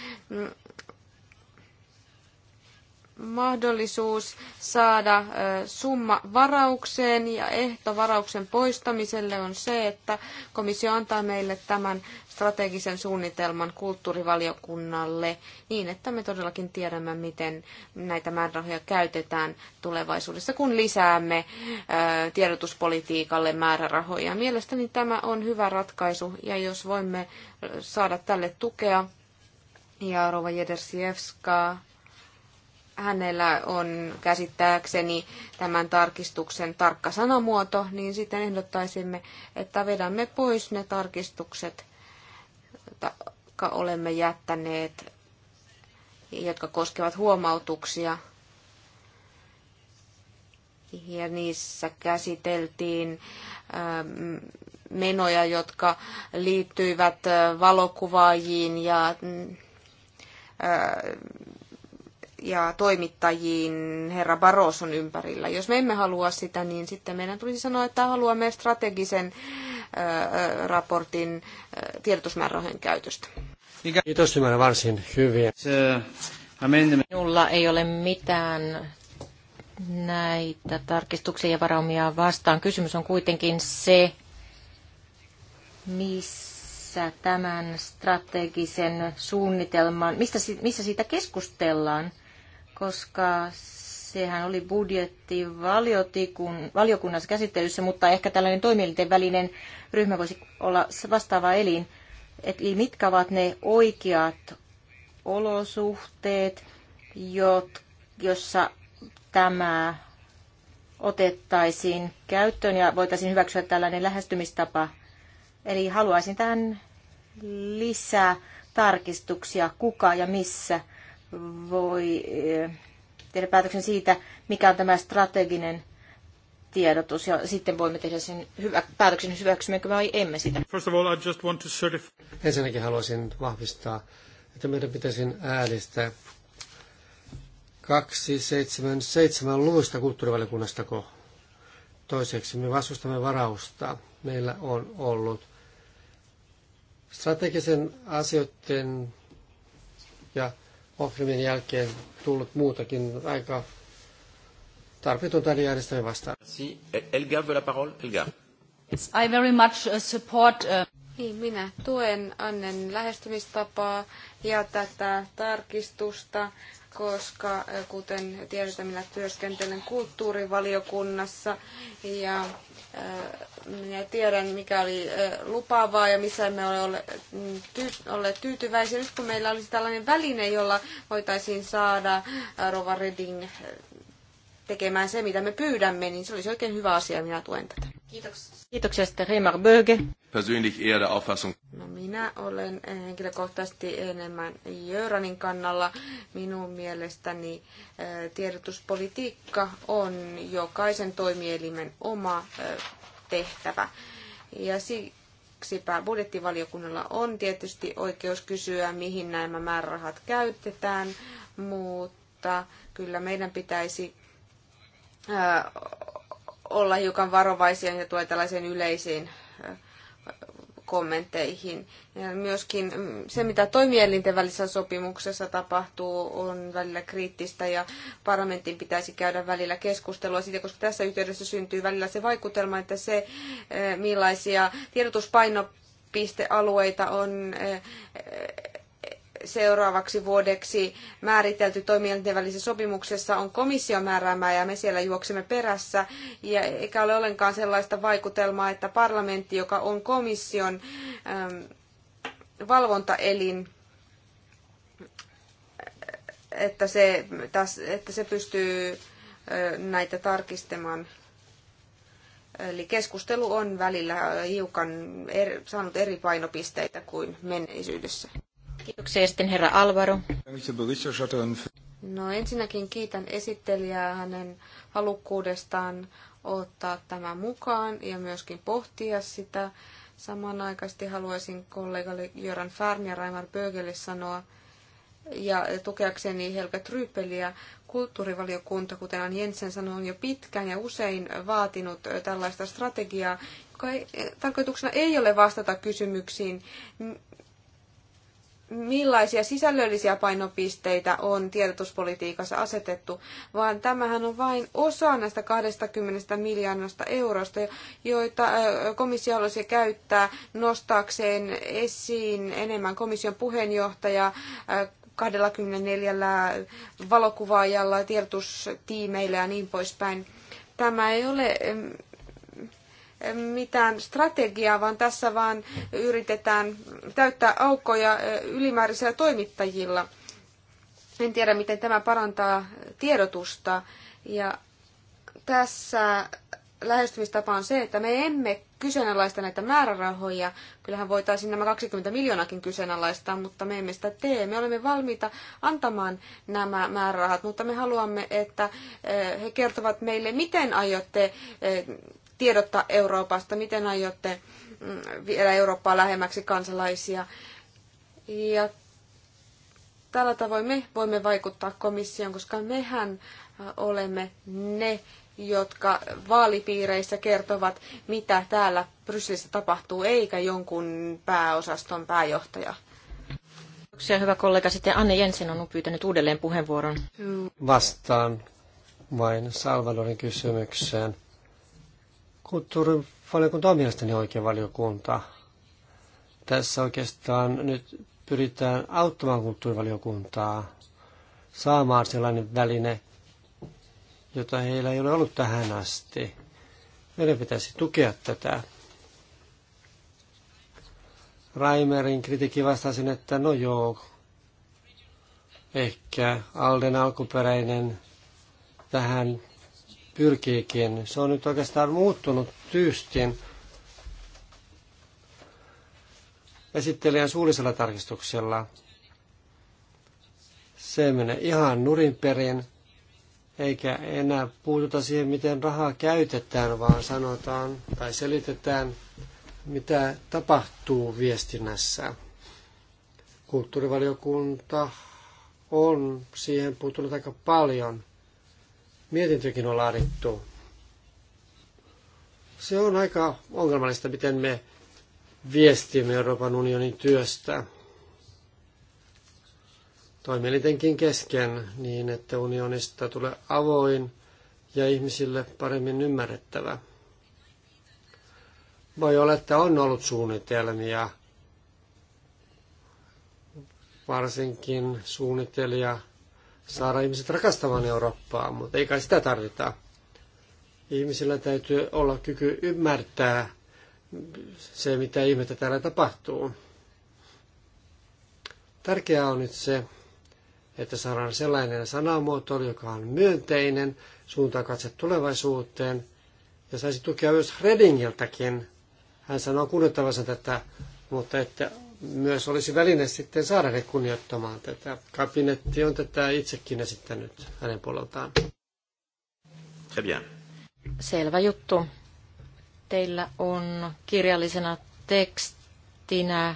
mahdollisuus saada summa varaukseen ja ehto varauksen poistamiselle on se, että komissio antaa meille tämän strategisen suunnitelman kulttuurivaliokunnalle niin, että me todellakin tiedämme, miten näitä määrärahoja käytetään tulevaisuudessa, kun lisäämme tiedotuspolitiikalle määrärahoja. Mielestäni tämä on hyvä ratkaisu ja jos voimme saada tälle tukea ja Rova Jedersievskaa hänellä on käsittääkseni tämän tarkistuksen tarkka sanamuoto, niin sitten ehdottaisimme, että vedämme pois ne tarkistukset, jotka olemme jättäneet, jotka koskevat huomautuksia. Ja niissä käsiteltiin ähm, menoja, jotka liittyivät äh, valokuvaajiin ja mm, äh, ja toimittajiin herra Baroson ympärillä. Jos me emme halua sitä, niin sitten meidän tulisi sanoa, että haluamme strategisen raportin tiedotusmäärärahojen käytöstä. Kiitos, ymmärrän varsin hyviä. Minulla ei ole mitään näitä tarkistuksia ja varaumia vastaan. Kysymys on kuitenkin se, missä tämän strategisen suunnitelman, mistä, missä siitä keskustellaan koska sehän oli budjetti valiokunnassa käsittelyssä, mutta ehkä tällainen toimielinten välinen ryhmä voisi olla vastaava elin. Eli mitkä ovat ne oikeat olosuhteet, jossa tämä otettaisiin käyttöön ja voitaisiin hyväksyä tällainen lähestymistapa. Eli haluaisin tähän lisää tarkistuksia, kuka ja missä voi eh, tehdä päätöksen siitä, mikä on tämä strateginen tiedotus, ja sitten voimme tehdä sen hyvä, päätöksen, hyväksymmekö vai emme sitä. First of all, I just want to certify... Ensinnäkin haluaisin vahvistaa, että meidän pitäisi äänestää 277 luvusta ko Toiseksi me vastustamme varausta. Meillä on ollut strategisen asioiden ja ohjelmien jälkeen tullut muutakin aika tarpeetonta järjestelmää vastaan. Elga veut la parole. Elga. Yes, I very much uh, support... Uh, niin, minä tuen Annen lähestymistapaa ja tätä tarkistusta, koska uh, kuten tiedetään, minä työskentelen kulttuurivaliokunnassa ja äh, minä tiedän, mikä oli lupaavaa ja missä me olemme olleet tyytyväisiä. Nyt kun meillä olisi tällainen väline, jolla voitaisiin saada Rova Reding tekemään se, mitä me pyydämme, niin se olisi oikein hyvä asia. Minä tuen tätä. Kiitoksia. Kiitoksia sitten Reimar Böge. Persönlich eher der Auffassung. No minä olen henkilökohtaisesti enemmän Jöranin kannalla. Minun mielestäni tiedotuspolitiikka on jokaisen toimielimen oma tehtävä. Ja siksipä budjettivaliokunnalla on tietysti oikeus kysyä, mihin nämä määrärahat käytetään, mutta kyllä meidän pitäisi olla hiukan varovaisia ja tulee tällaiseen yleisiin kommentteihin. Myöskin se, mitä toimielinten välisessä sopimuksessa tapahtuu, on välillä kriittistä ja parlamentin pitäisi käydä välillä keskustelua siitä, koska tässä yhteydessä syntyy välillä se vaikutelma, että se, eh, millaisia tiedotuspainopistealueita on eh, seuraavaksi vuodeksi määritelty toimielinten välisessä sopimuksessa on komission määräämää ja me siellä juoksemme perässä. Ja eikä ole ollenkaan sellaista vaikutelmaa, että parlamentti, joka on komission äm, valvontaelin, että se, että se pystyy näitä tarkistamaan. Eli keskustelu on välillä hiukan er, saanut eri painopisteitä kuin menneisyydessä. Kiitoksia sitten herra Alvaro. No ensinnäkin kiitän esittelijää hänen halukkuudestaan ottaa tämä mukaan ja myöskin pohtia sitä. Samanaikaisesti haluaisin kollegalle Jöran Färm ja Raimar Bögelle sanoa, ja tukeakseni Helga Trypeliä, kulttuurivaliokunta, kuten on Jensen sanoi, on jo pitkään ja usein vaatinut tällaista strategiaa, joka ei, tarkoituksena ei ole vastata kysymyksiin, millaisia sisällöllisiä painopisteitä on tiedotuspolitiikassa asetettu, vaan tämähän on vain osa näistä 20 miljoonasta eurosta, joita komissio haluaisi käyttää nostaakseen esiin enemmän komission puheenjohtajaa 24 valokuvaajalla, tiedotustiimeillä ja niin poispäin. Tämä ei ole mitään strategiaa, vaan tässä vaan yritetään täyttää aukkoja ylimääräisillä toimittajilla. En tiedä, miten tämä parantaa tiedotusta. Ja tässä lähestymistapa on se, että me emme kyseenalaista näitä määrärahoja. Kyllähän voitaisiin nämä 20 miljoonakin kyseenalaistaa, mutta me emme sitä tee. Me olemme valmiita antamaan nämä määrärahat, mutta me haluamme, että he kertovat meille, miten aiotte tiedottaa Euroopasta, miten aiotte mm, viedä Eurooppaa lähemmäksi kansalaisia. Ja tällä tavoin me voimme vaikuttaa komissioon, koska mehän olemme ne, jotka vaalipiireissä kertovat, mitä täällä Brysselissä tapahtuu, eikä jonkun pääosaston pääjohtaja. Kiitoksia, hyvä kollega. Sitten Anne Jensen on pyytänyt uudelleen puheenvuoron. Vastaan vain Salvadorin kysymykseen. Kulttuurin on mielestäni oikea valiokunta. Tässä oikeastaan nyt pyritään auttamaan kulttuurivaliokuntaa saamaan sellainen väline, jota heillä ei ole ollut tähän asti. Meidän pitäisi tukea tätä. Raimerin kritiikki vastasin, että no joo, ehkä Alden alkuperäinen tähän pyrkiikin. Se on nyt oikeastaan muuttunut tyystin esittelijän suullisella tarkistuksella. Se menee ihan nurin perin, eikä enää puututa siihen, miten rahaa käytetään, vaan sanotaan tai selitetään, mitä tapahtuu viestinnässä. Kulttuurivaliokunta on siihen puuttunut aika paljon – mietintökin on laadittu. Se on aika ongelmallista, miten me viestimme Euroopan unionin työstä toimielintenkin kesken niin, että unionista tulee avoin ja ihmisille paremmin ymmärrettävä. Voi olla, että on ollut suunnitelmia, varsinkin suunnitelija saada ihmiset rakastamaan Eurooppaa, mutta ei kai sitä tarvita. Ihmisillä täytyy olla kyky ymmärtää se, mitä ihmettä täällä tapahtuu. Tärkeää on nyt se, että saadaan sellainen sanamuoto, joka on myönteinen, suuntaa katse tulevaisuuteen, ja saisi tukea myös Redingiltäkin. Hän sanoo kunnioittavansa tätä, mutta että myös olisi väline sitten saada ne kunnioittamaan tätä. Kabinetti on tätä itsekin esittänyt hänen puoleltaan. Selvä juttu. Teillä on kirjallisena tekstinä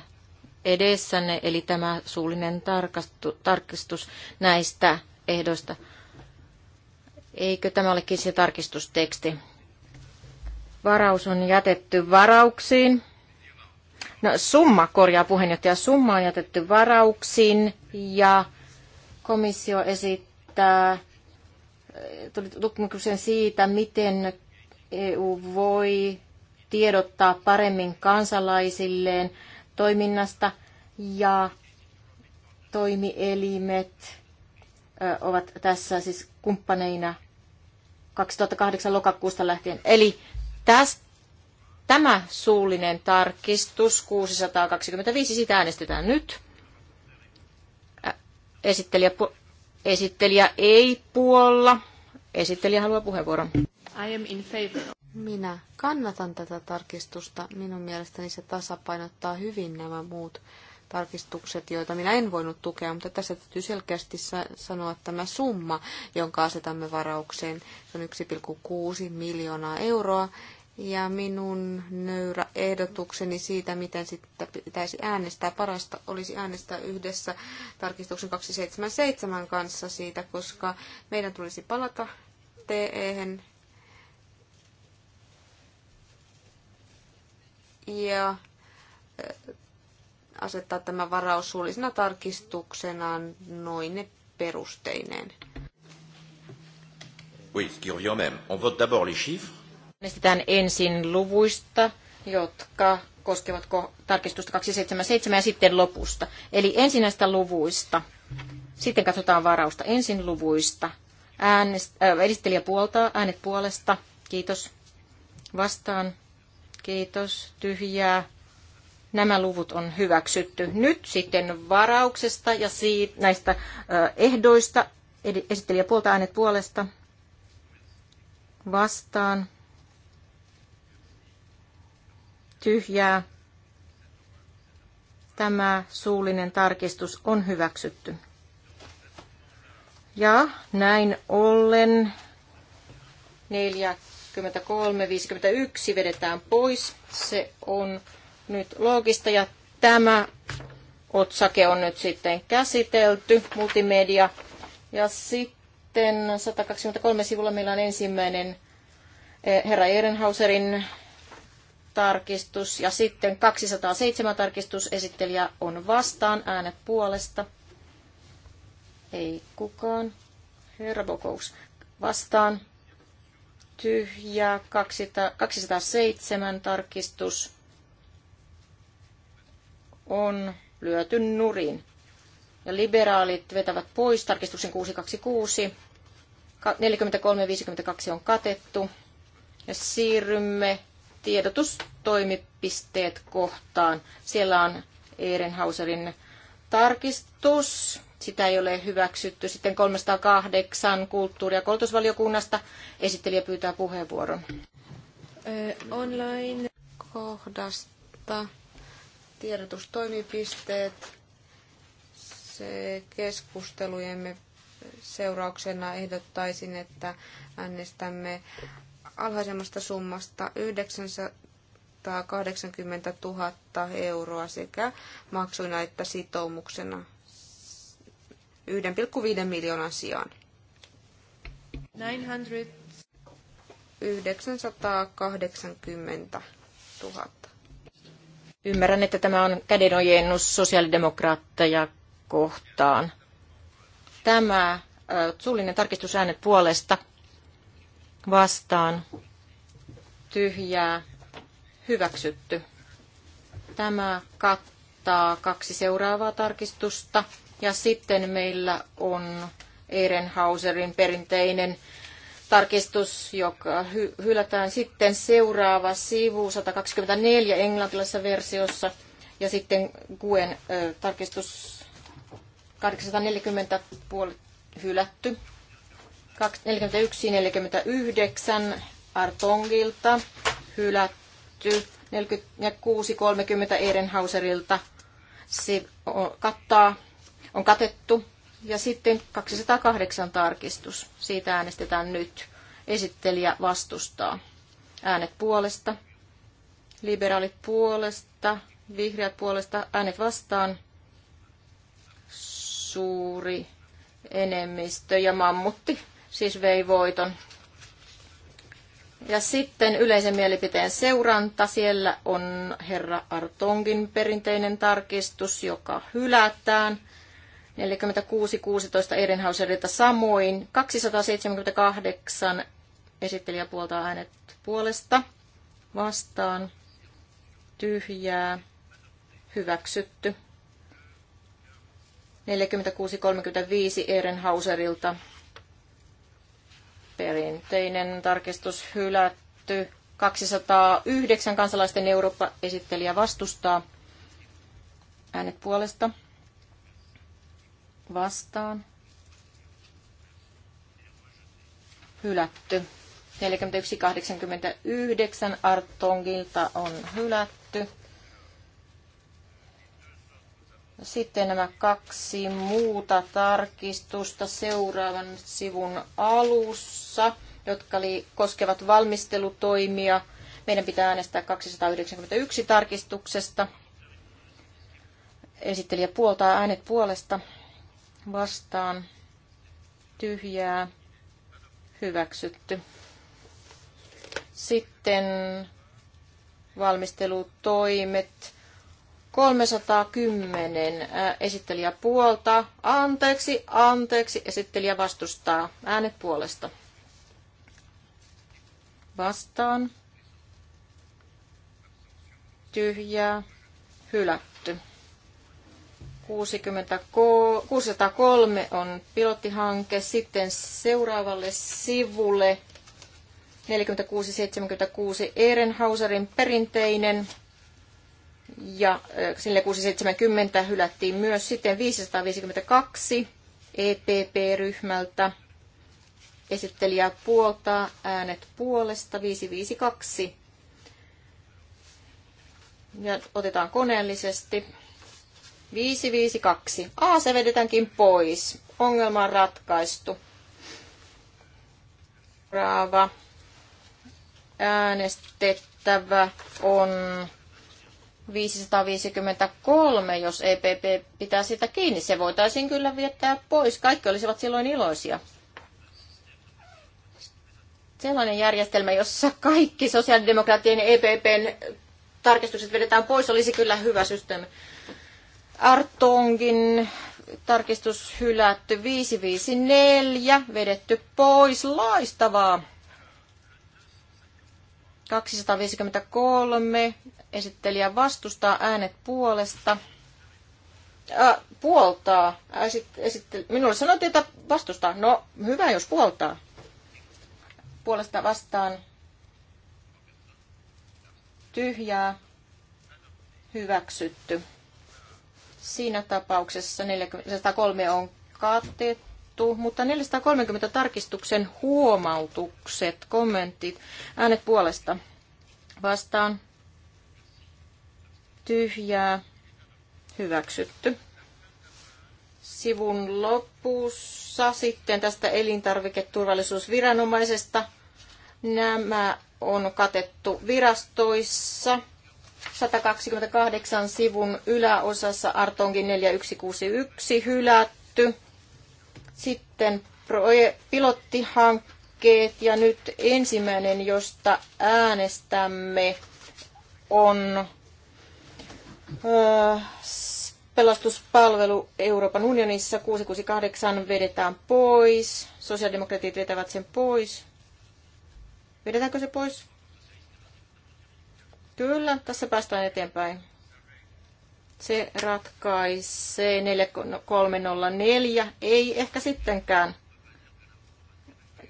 edessänne, eli tämä suullinen tarkastu, tarkistus näistä ehdoista. Eikö tämä olekin se tarkistusteksti? Varaus on jätetty varauksiin. No, summa, korjaa puheenjohtaja, summa on jätetty varauksiin ja komissio esittää eh, tutkimuksen siitä, miten EU voi tiedottaa paremmin kansalaisilleen toiminnasta ja toimielimet eh, ovat tässä siis kumppaneina 2008 lokakuusta lähtien. Eli tästä Tämä suullinen tarkistus 625, sitä äänestetään nyt. Esittelijä, esittelijä ei puolla. Esittelijä haluaa puheenvuoron. I am in favor. Minä kannatan tätä tarkistusta. Minun mielestäni se tasapainottaa hyvin nämä muut tarkistukset, joita minä en voinut tukea, mutta tässä täytyy selkeästi sanoa tämä summa, jonka asetamme varaukseen. Se on 1,6 miljoonaa euroa ja minun nöyrä ehdotukseni siitä, miten sitten pitäisi äänestää. Parasta olisi äänestää yhdessä tarkistuksen 277 kanssa siitä, koska meidän tulisi palata te Ja asettaa tämä varaus suullisena tarkistuksena noin ne perusteineen. Oui, ce qui revient même. On vote d'abord les chiffres Äänestetään ensin luvuista, jotka koskevat tarkistusta 277 ja sitten lopusta. Eli ensin näistä luvuista. Sitten katsotaan varausta. Ensin luvuista. Äänest, äh, edistäjä puoltaa. Äänet puolesta. Kiitos. Vastaan. Kiitos. Tyhjää. Nämä luvut on hyväksytty. Nyt sitten varauksesta ja siitä, näistä äh, ehdoista. Esittelijä puolta äänet puolesta. Vastaan tyhjää. Tämä suullinen tarkistus on hyväksytty. Ja näin ollen 43.51 vedetään pois. Se on nyt loogista ja tämä otsake on nyt sitten käsitelty, multimedia. Ja sitten 123 sivulla meillä on ensimmäinen eh, herra Ehrenhauserin tarkistus ja sitten 207 tarkistus esittelijä on vastaan äänet puolesta. Ei kukaan. Herra Bokous vastaan. Tyhjä 207 tarkistus on lyöty nurin. Ja liberaalit vetävät pois tarkistuksen 626. 43.52 on katettu. Ja siirrymme tiedotustoimipisteet kohtaan. Siellä on Ehrenhauserin tarkistus. Sitä ei ole hyväksytty. Sitten 308 kulttuuri- ja koulutusvaliokunnasta. Esittelijä pyytää puheenvuoron. Online-kohdasta tiedotustoimipisteet. Se keskustelujemme seurauksena ehdottaisin, että äänestämme alhaisemmasta summasta 980 000 euroa sekä maksuina että sitoumuksena 1,5 miljoonan sijaan. 980 000. Ymmärrän, että tämä on kädenojennus sosiaalidemokraatteja kohtaan. Tämä suullinen tarkistusäänet puolesta vastaan tyhjää hyväksytty. Tämä kattaa kaksi seuraavaa tarkistusta ja sitten meillä on Ehrenhauserin perinteinen tarkistus, joka hy- hylätään sitten seuraava sivu 124 englantilaisessa versiossa ja sitten Guen ö, tarkistus 840 puoli hylätty. 41-49 Artongilta hylätty. 46-30 Ehrenhauserilta se kattaa, on katettu. Ja sitten 208 tarkistus. Siitä äänestetään nyt. Esittelijä vastustaa. Äänet puolesta. Liberaalit puolesta. Vihreät puolesta. Äänet vastaan. Suuri enemmistö ja mammutti siis vei voiton. Ja sitten yleisen mielipiteen seuranta. Siellä on herra Artongin perinteinen tarkistus, joka hylätään. 46-16 Ehrenhauserilta samoin. 278 esittelijä puoltaa äänet puolesta. Vastaan. Tyhjää. Hyväksytty. 46-35 Ehrenhauserilta Perinteinen tarkistus hylätty. 209 kansalaisten Eurooppa-esittelijä vastustaa. Äänet puolesta. Vastaan. Hylätty. 41.89 Artongilta on hylätty. Sitten nämä kaksi muuta tarkistusta seuraavan sivun alussa, jotka li- koskevat valmistelutoimia. Meidän pitää äänestää 291 tarkistuksesta. Esittelijä puoltaa äänet puolesta vastaan tyhjää hyväksytty. Sitten valmistelutoimet 310 esittelijä puolta. Anteeksi, anteeksi, esittelijä vastustaa. Äänet puolesta. Vastaan. Tyhjää. Hylätty. 60, 603 on pilottihanke. Sitten seuraavalle sivulle 4676 Ehrenhauserin perinteinen ja 4670 hylättiin myös. Sitten 552 EPP-ryhmältä. Esittelijä puoltaa äänet puolesta 552. Ja otetaan koneellisesti. 552. A, se vedetäänkin pois. Ongelma on ratkaistu. Raava. Äänestettävä on 553, jos EPP pitää sitä kiinni. Se voitaisiin kyllä viettää pois. Kaikki olisivat silloin iloisia. Sellainen järjestelmä, jossa kaikki sosiaalidemokraattien ja EPPn tarkistukset vedetään pois, olisi kyllä hyvä systeemi. Artongin tarkistus hylätty 554, vedetty pois, loistavaa. 253. Esittelijä vastustaa äänet puolesta. Äh, puoltaa. Esit, äh, esittel, minulle sanottiin, että vastustaa. No, hyvä, jos puoltaa. Puolesta vastaan. Tyhjää. Hyväksytty. Siinä tapauksessa 403 on katettu katettu, mutta 430 tarkistuksen huomautukset, kommentit, äänet puolesta vastaan, tyhjää, hyväksytty. Sivun lopussa sitten tästä elintarviketurvallisuusviranomaisesta. Nämä on katettu virastoissa. 128 sivun yläosassa Artongin 4161 hylätty. Sitten pilottihankkeet ja nyt ensimmäinen, josta äänestämme, on pelastuspalvelu Euroopan unionissa 668 vedetään pois. Sosiaalidemokraatit vetävät sen pois. Vedetäänkö se pois? Kyllä, tässä päästään eteenpäin. Se ratkaisee 4304. Ei ehkä sittenkään.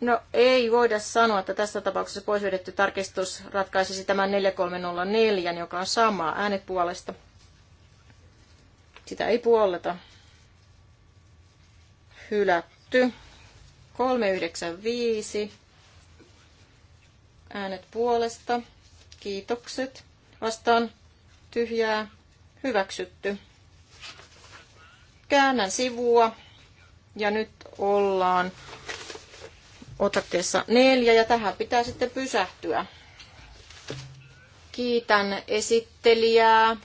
No ei voida sanoa, että tässä tapauksessa pois vedetty tarkistus ratkaisisi tämän 4304, joka on sama äänet puolesta. Sitä ei puolleta. Hylätty. 395. Äänet puolesta. Kiitokset. Vastaan tyhjää. Hyväksytty. Käännän sivua ja nyt ollaan otakkeessa neljä ja tähän pitää sitten pysähtyä. Kiitän esittelijää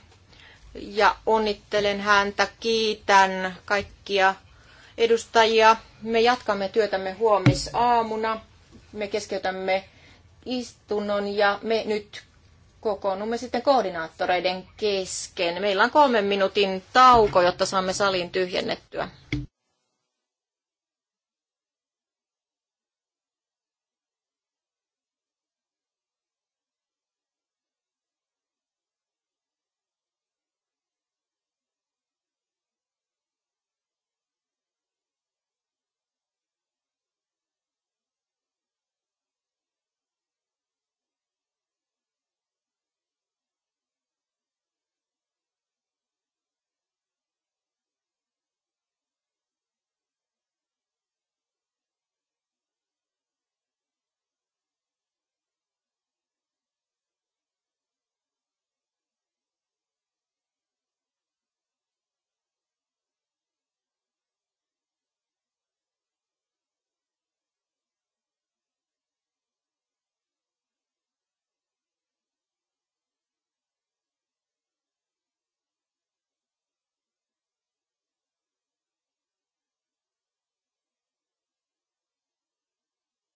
ja onnittelen häntä. Kiitän kaikkia edustajia. Me jatkamme työtämme huomisaamuna. Me keskeytämme istunnon ja me nyt kokoonnumme sitten koordinaattoreiden kesken. Meillä on kolmen minuutin tauko, jotta saamme salin tyhjennettyä.